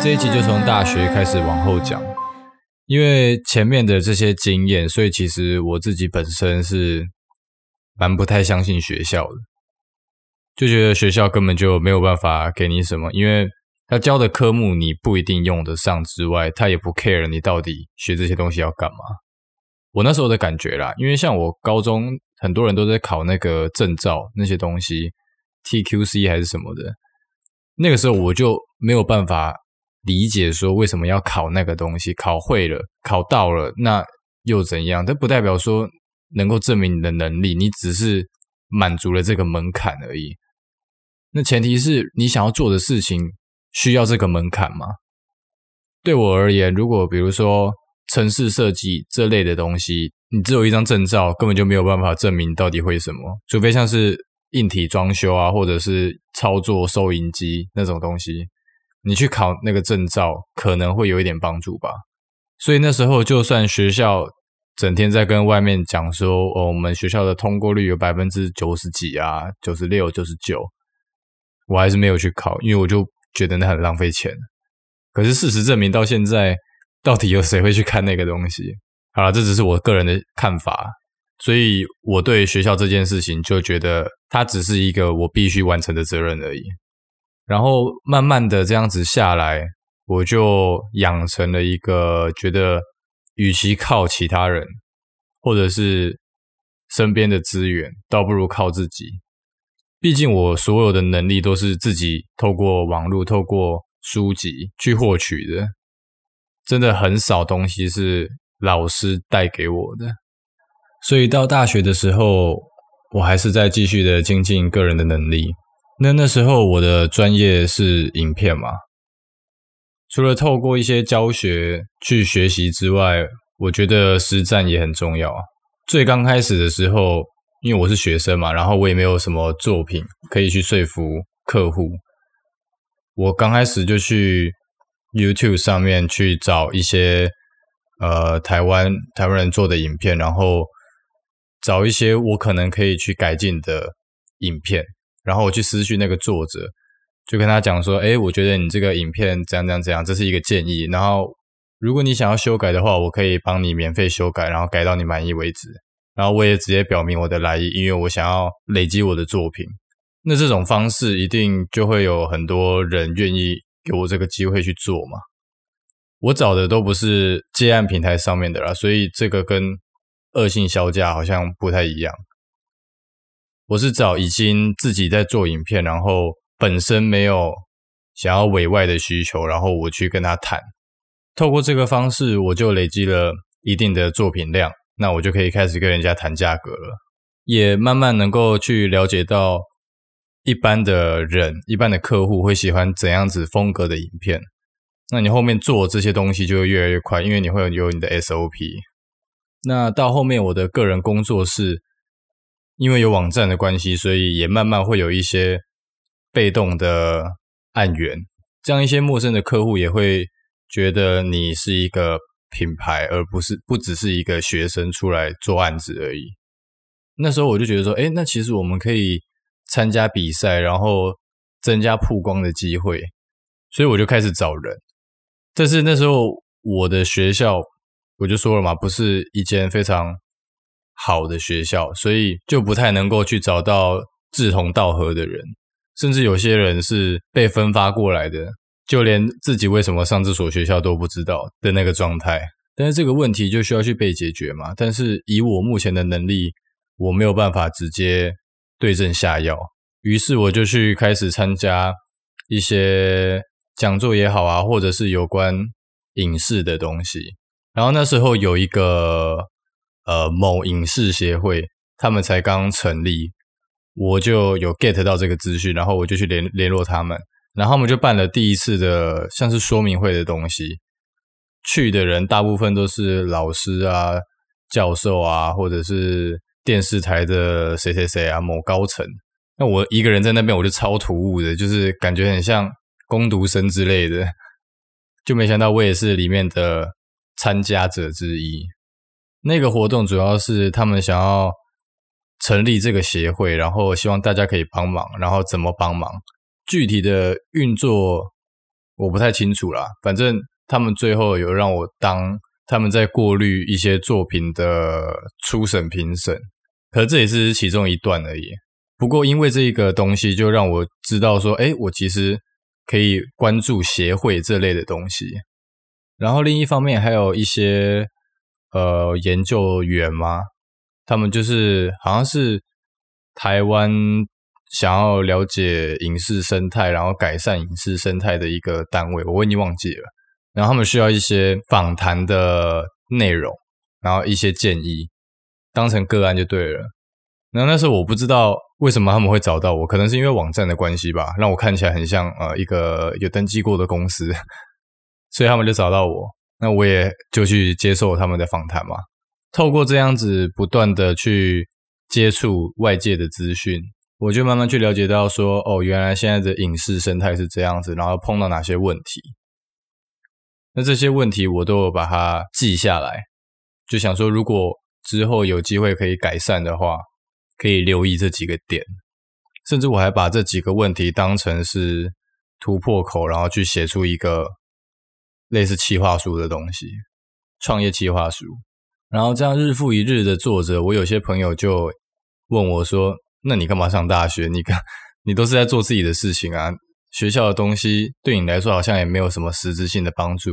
這一期就從大學開始往後講，因為前面的這些經驗，所以其實我自己本身是蠻不太相信學校的，就覺得學校根本就沒有辦法給你什麼，因為他教的科目你不一定用得上之外，他也不 care 你到底學這些東西要幹嘛。我那時候的感覺啦，因為像我高中很多人都在考那個證照那些東西，TQC 還是什麼的。那個時候我就沒有辦法理解說為什麼要考那個東西，考會了，考到了，那又怎樣？它不代表說能夠證明你的能力，你只是滿足了這個門檻而已。那前提是你想要做的事情需要這個門檻嗎？對我而言，如果比如說。城市設計這類的東西，你只有一張證照，根本就沒有辦法證明到底會什麼。除非像是硬體裝修啊，或者是操作收銀機那種東西，你去考那個證照可能會有一點幫助吧。所以那時候，就算學校整天在跟外面講說，哦，我們學校的通過率有百分之九十幾啊，九十六、九十九，我還是沒有去考，因為我就覺得那很浪費錢。可是事實證明，到現在。到底有誰會去看那個東西？好啦，這只是我個人的看法，所以我對學校這件事情就覺得它只是一個我必須完成的責任而已。然後慢慢的這樣子下來，我就養成了一個覺得，與其靠其他人，或者是身邊的資源，倒不如靠自己。畢竟我所有的能力都是自己透過網絡、透過書籍去獲取的。真的很少東西是老師帶給我的，所以到大學的時候，我還是在繼續的精進個人的能力。那那時候我的專業是影片嘛，除了透過一些教學去學習之外，我覺得實戰也很重要。最剛開始的時候，因為我是學生嘛，然後我也沒有什麼作品可以去說服客戶，我剛開始就去 YouTube 上面去找一些呃台灣台灣人做的影片，然後找一些我可能可以去改進的影片，然後我去私訊那個作者，就跟他講說，哎、欸，我覺得你這個影片怎樣怎樣怎樣，這是一個建議。然後如果你想要修改的話，我可以幫你免費修改，然後改到你滿意為止。然後我也直接表明我的來意，因為我想要累積我的作品。那這種方式一定就會有很多人願意，給我這個機會去做嘛。我找的都不是接案平台上面的啦，所以這個跟惡性削價好像不太一樣。我是找已經自己在做影片，然後本身沒有想要委外的需求，然後我去跟他談，透過這個方式，我就累積了一定的作品量，那我就可以開始跟人家談價格了，也慢慢能夠去了解到，一般的人，一般的客戶會喜歡怎樣子風格的影片？那你後面做這些東西就會越來越快，因為你會有，有你的 SOP。那到後面，我的個人工作室，因為有網站的關係，所以也慢慢會有一些被動的案源。這樣一些陌生的客戶也會覺得你是一個品牌，而不是不只是一個學生出來做案子而已。那時候我就覺得說，誒，那其實我們可以。參加比賽，然後增加曝光的機會，所以我就開始找人。但是那時候我的學校，我就說了嘛，不是一間非常好的學校，所以就不太能夠去找到志同道合的人，甚至有些人是被分發過來的，就連自己為什麼上這所學校都不知道的那個狀態。但是這個問題就需要去被解決嘛，但是以我目前的能力，我沒有辦法直接。對症下藥，於是我就去開始參加一些講座也好啊，或者是有關影視的東西。然後那時候有一個呃某影視協會，他們才剛成立，我就有 get 到這個資訊，然後我就去聯聯絡他們，然後他們就辦了第一次的像是說明會的東西，去的人大部分都是老師啊、教授啊，或者是。電視台的誰誰誰啊，某高層。那我一個人在那邊，我就超突兀的，就是感覺很像工讀生之類的。就沒想到我也是裡面的參加者之一。那個活動主要是他們想要成立這個協會，然後希望大家可以幫忙。然後怎麼幫忙？具體的運作我不太清楚啦。反正他們最後有讓我當他們在過濾一些作品的初審評審。可這也是其中一段而已。不過因為這一個東西，就讓我知道說，哎，我其實可以關注協會這類的東西。然後另一方面，還有一些呃研究員嗎？他們就是好像是台灣想要了解影視生態，然後改善影視生態的一個單位，我我已經忘記了。然後他們需要一些訪談的內容，然後一些建議。當成個案就對了。那那時候我不知道為什麼他們會找到我，可能是因為網站的關係吧，讓我看起來很像呃一個有登記過的公司， 所以他們就找到我。那我也就去接受他們的訪談嘛。透過這樣子不斷的去接觸外界的資訊，我就慢慢去了解到說，哦，原來現在的影視生態是這樣子，然後碰到哪些問題。那這些問題我都有把它記下來，就想說如果。之後有機會可以改善的話，可以留意這幾個點，甚至我還把這幾個問題當成是突破口，然後去寫出一個類似企劃書的東西，創業企劃書。然後這樣日復一日的做着。我有些朋友就問我說：“那你幹嘛上大學？你你都是在做自己的事情啊，學校的東西對你來說好像也沒有什麼實質性的幫助。”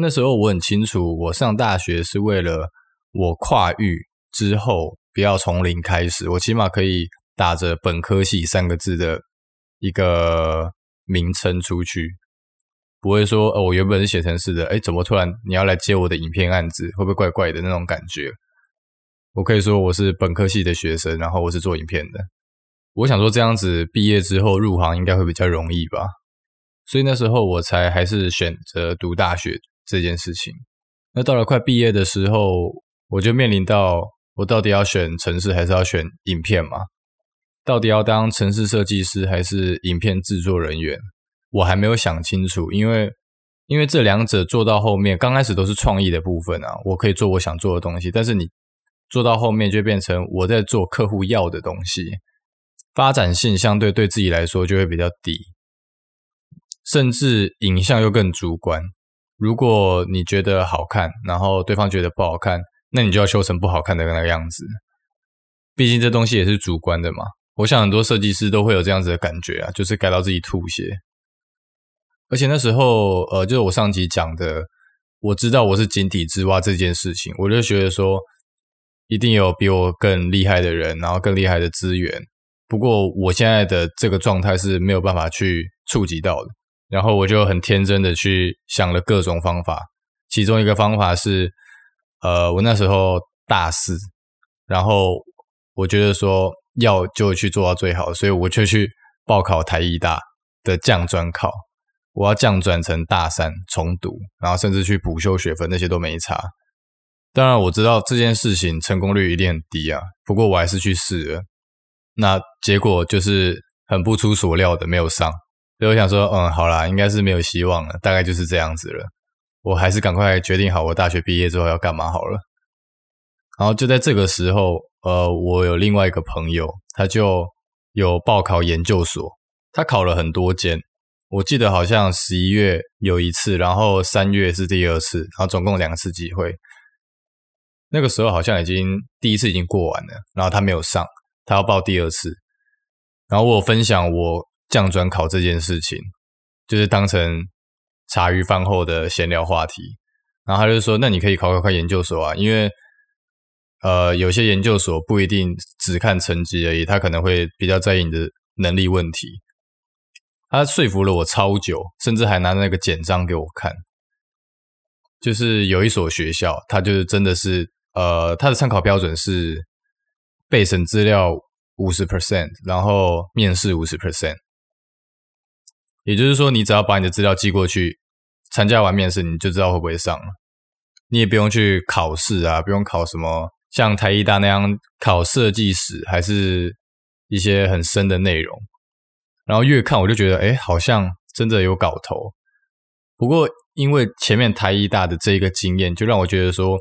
那時候我很清楚，我上大學是為了。我跨域之後，不要從零開始，我起碼可以打着本科系三個字的一個名稱出去，不會說，哦，我原本是寫程式的，誒怎麼突然你要來接我的影片案子，會不會怪怪的那種感覺？我可以說我是本科系的學生，然後我是做影片的，我想說這樣子畢業之後入行應該會比較容易吧，所以那時候我才還是選擇讀大學這件事情。那到了快畢業的時候。我就面臨到，我到底要選程式，還是要選影片嘛？到底要當程式設計師，還是影片製作人員？我還沒有想清楚。因為因為這兩者做到後面，剛開始都是創意的部分啊，我可以做我想做的東西，但是你做到後面就變成我在做客戶要的東西，發展性相對對自己來說就會比較低，甚至影像又更主觀，如果你覺得好看，然後對方覺得不好看，那你就要修成不好看的那個樣子，畢竟這東西也是主觀的嘛。我想很多設計師都會有這樣子的感覺啊，就是改到自己吐血。而且那時候，呃，就是我上集講的，我知道我是井底之蛙這件事情，我就覺得說，一定有比我更厲害的人，然後更厲害的資源。不過我現在的這個狀態是沒有辦法去觸及到的。然後我就很天真的去想了各種方法，其中一個方法是。呃，我那時候大四，然後我覺得說要就去做到最好，所以我就去報考台藝大的降專考，我要降轉成大三重讀，然後甚至去補修學分，那些都沒差。當然我知道這件事情成功率一定很低啊，不過我還是去試了。那結果就是很不出所料的沒有上，所以我想說，嗯，好啦，應該是沒有希望了，大概就是這樣子了。我還是趕快決定好我大學畢業之後要幹嘛好了。然後就在這個時候，呃，我有另外一個朋友，他就有報考研究所，他考了很多間，我記得好像十一月有一次，然後三月是第二次，然後總共兩次機會。那個時候好像已經第一次已經過完了，然後他沒有上，他要報第二次。然後我分享我降轉考這件事情，就是當成。茶餘飯後的閒聊話題，然後他就說：“那你可以考考看研究所啊，因為呃，有些研究所不一定只看成績而已，他可能會比較在意你的能力問題。”他說服了我超久，甚至還拿那個簡章給我看，就是有一所學校，他就是真的是呃，他的參考標準是備審資料五十 percent，然後面試五十 percent。也就是說，你只要把你的資料寄過去，參加完面試，你就知道會不會上了。你也不用去考試啊，不用考什麼像台藝大那樣考設計史，還是一些很深的內容。然後越看我就覺得，哎、欸，好像真的有搞頭。不過因為前面台藝大的這個經驗，就讓我覺得說，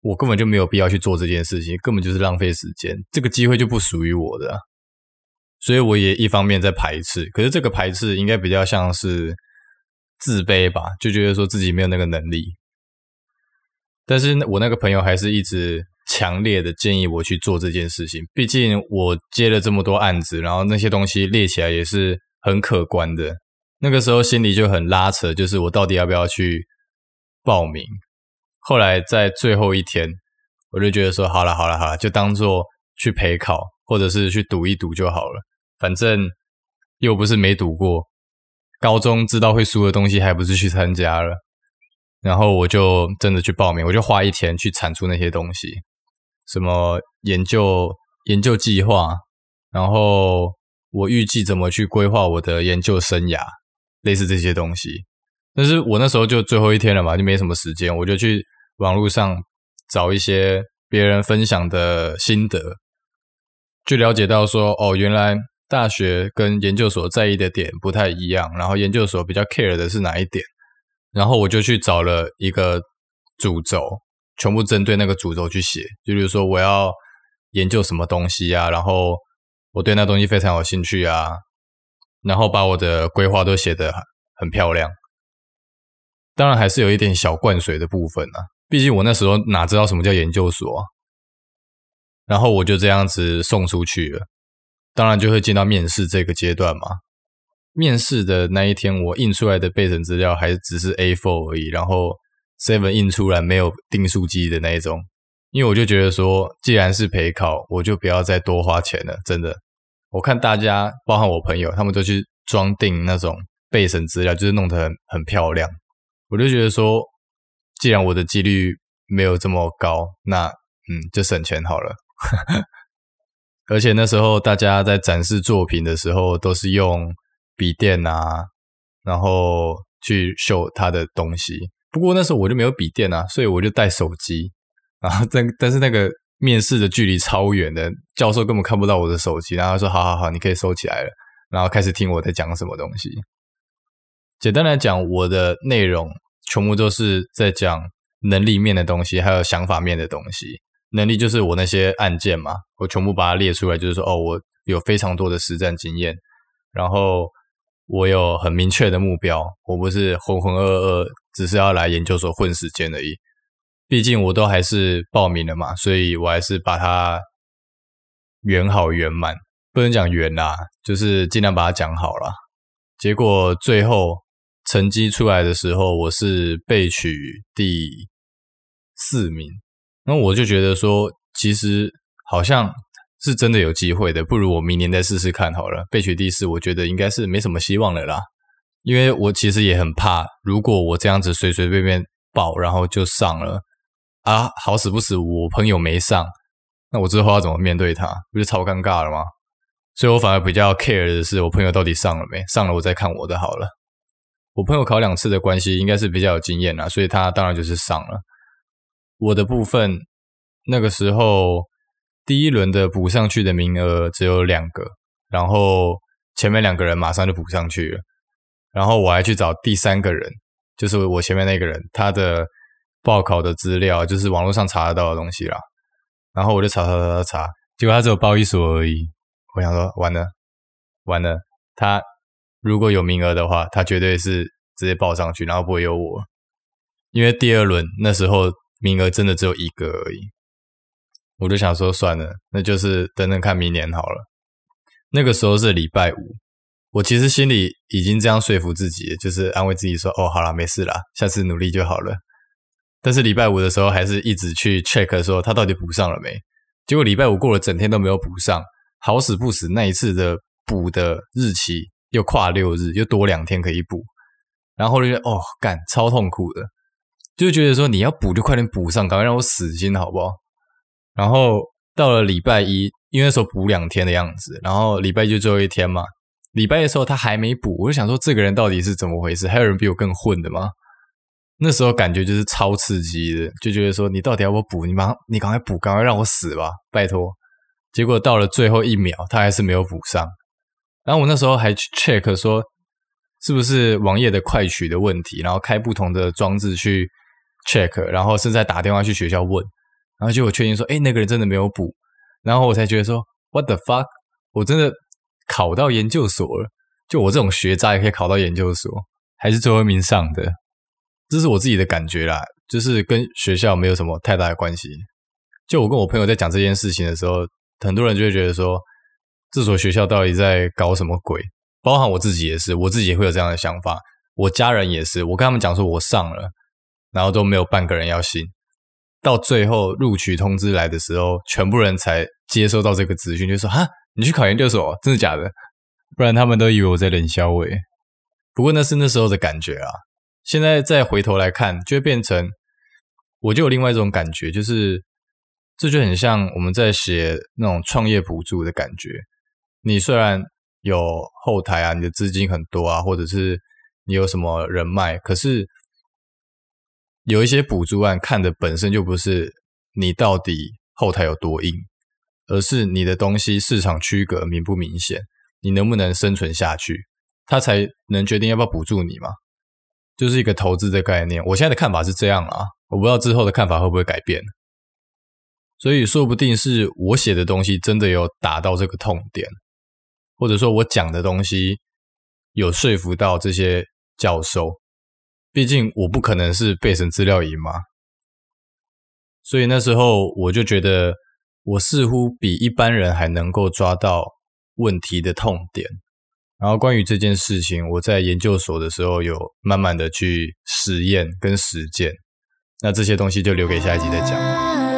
我根本就沒有必要去做這件事情，根本就是浪費時間，這個機會就不屬於我的。所以我也一方面在排斥，可是這個排斥應該比較像是自卑吧，就覺得說自己沒有那個能力。但是我那個朋友還是一直強烈的建議我去做這件事情，畢竟我接了這麼多案子，然後那些東西列起來也是很可觀的。那個時候心裡就很拉扯，就是我到底要不要去報名？後來在最後一天，我就覺得說好了，好了，好了，就當做去陪考，或者是去賭一賭就好了。反正又不是沒讀過，高中知道會輸的東西，還不是去參加了。然後我就真的去報名，我就花一天去產出那些東西，什麼研究研究計劃，然後我預計怎麼去規劃我的研究生涯，類似這些東西。但是我那時候就最後一天了嘛，就沒什麼時間，我就去網絡上找一些別人分享的心得，就了解到說，哦，原來。大學跟研究所在意的點不太一樣，然後研究所比較 care 的是哪一點？然後我就去找了一個主軸，全部針對那個主軸去寫。就比如說我要研究什麼東西啊，然後我對那東西非常有興趣啊，然後把我的規劃都寫得很漂亮。當然還是有一點小灌水的部分啊，畢竟我那時候哪知道什麼叫研究所啊。然後我就這樣子送出去了。當然就會進到面試這個階段嘛。面試的那一天，我印出來的備審資料還只是 A4 而已，然後 seven 印出來沒有訂書機的那一種。因為我就覺得說，既然是陪考，我就不要再多花錢了。真的，我看大家，包含我朋友，他們都去裝訂那種備審資料，就是弄得很很漂亮。我就覺得說，既然我的幾率沒有這麼高，那嗯，就省錢好了。 而且那時候大家在展示作品的時候都是用筆電啊，然後去秀他的東西。不過那時候我就沒有筆電啊，所以我就帶手機。然後但但是那個面試的距離超遠的，教授根本看不到我的手機，然後說：“好好好，你可以收起來了。”然後開始聽我在講什麼東西。簡單來講，我的內容全部都是在講能力面的東西，還有想法面的東西。能力就是我那些案件嘛，我全部把它列出來，就是說，哦，我有非常多的實戰經驗，然後我有很明確的目標，我不是渾渾噩噩，只是要來研究所混時間而已。畢竟我都還是報名了嘛，所以我還是把它圓好圓滿，不能講圓啦、啊，就是盡量把它講好啦。結果最後成績出來的時候，我是被取第四名。那我就覺得說，其實好像是真的有機會的，不如我明年再試試看好了。備取第四我覺得應該是沒什麼希望了啦，因為我其實也很怕，如果我這樣子隨隨便便報，然後就上了啊，好死不死，我朋友沒上，那我之後要怎麼面對他？不是超尷尬了嗎？所以我反而比較 care 的是，我朋友到底上了沒？上了我再看我的好了。我朋友考兩次的關係，應該是比較有經驗啦，所以他當然就是上了。我的部分，那個時候第一輪的補上去的名額只有兩個，然後前面兩個人馬上就補上去了，然後我還去找第三個人，就是我前面那個人，他的報考的資料就是網絡上查得到的東西啦，然後我就查查查查查，結果他只有報一所而已，我想說完了完了，他如果有名額的話，他絕對是直接報上去，然後不會有我，因為第二輪那時候。名額真的只有一個而已，我就想說算了，那就是等等看明年好了。那個時候是禮拜五，我其實心裡已經這樣說服自己了，就是安慰自己說：“哦，好了，沒事了，下次努力就好了。”但是禮拜五的時候，還是一直去 check 說他到底補上了沒。結果禮拜五過了整天都沒有補上，好死不死那一次的補的日期又跨六日，又多兩天可以補，然後就哦，幹，超痛苦的。就覺得說你要補就快點補上，趕快讓我死心好不好？然後到了禮拜一，因為那時候補兩天的樣子，然後禮拜一就最後一天嘛。禮拜的時候他還沒補，我就想說這個人到底是怎麼回事？還有人比我更混的嗎？那時候感覺就是超刺激的，就覺得說你到底要不要補？你忙你趕快補，趕快讓我死吧，拜託！結果到了最後一秒，他還是沒有補上。然後我那時候還去 check 說是不是網頁的快取的問題，然後開不同的裝置去。check，然後甚至打電話去學校問，然後就我確定說，誒，那個人真的沒有補，然後我才覺得說，What the fuck，我真的考到研究所了，就我這種學渣也可以考到研究所，還是最後一名上的，這是我自己的感覺啦，就是跟學校沒有什麼太大的關係。就我跟我朋友在講這件事情的時候，很多人就會覺得說，這所學校到底在搞什麼鬼？包含我自己也是，我自己也會有這樣的想法，我家人也是，我跟他們講說我上了。然後都沒有半個人要信，到最後錄取通知來的時候，全部人才接收到這個資訊，就說：哈，你去考研研究所，真的假的？不然他們都以為我在冷笑話。不過那是那時候的感覺啊，現在再回頭來看，就會變成我就有另外一種感覺，就是這就很像我們在寫那種創業補助的感覺。你雖然有後台啊，你的資金很多啊，或者是你有什麼人脈，可是。有一些補助案看的本身就不是你到底後台有多硬，而是你的東西市場區隔明不明顯，你能不能生存下去，他才能決定要不要補助你嘛。就是一個投資的概念。我現在的看法是這樣啊，我不知道之後的看法會不會改變，所以說不定是我寫的東西真的有打到這個痛點，或者說我講的東西有說服到這些教授。畢竟我不可能是背神資料儀嘛，所以那時候我就覺得我似乎比一般人還能夠抓到問題的痛點。然後關於這件事情，我在研究所的時候有慢慢的去實驗跟實踐，那這些東西就留給下一集再講。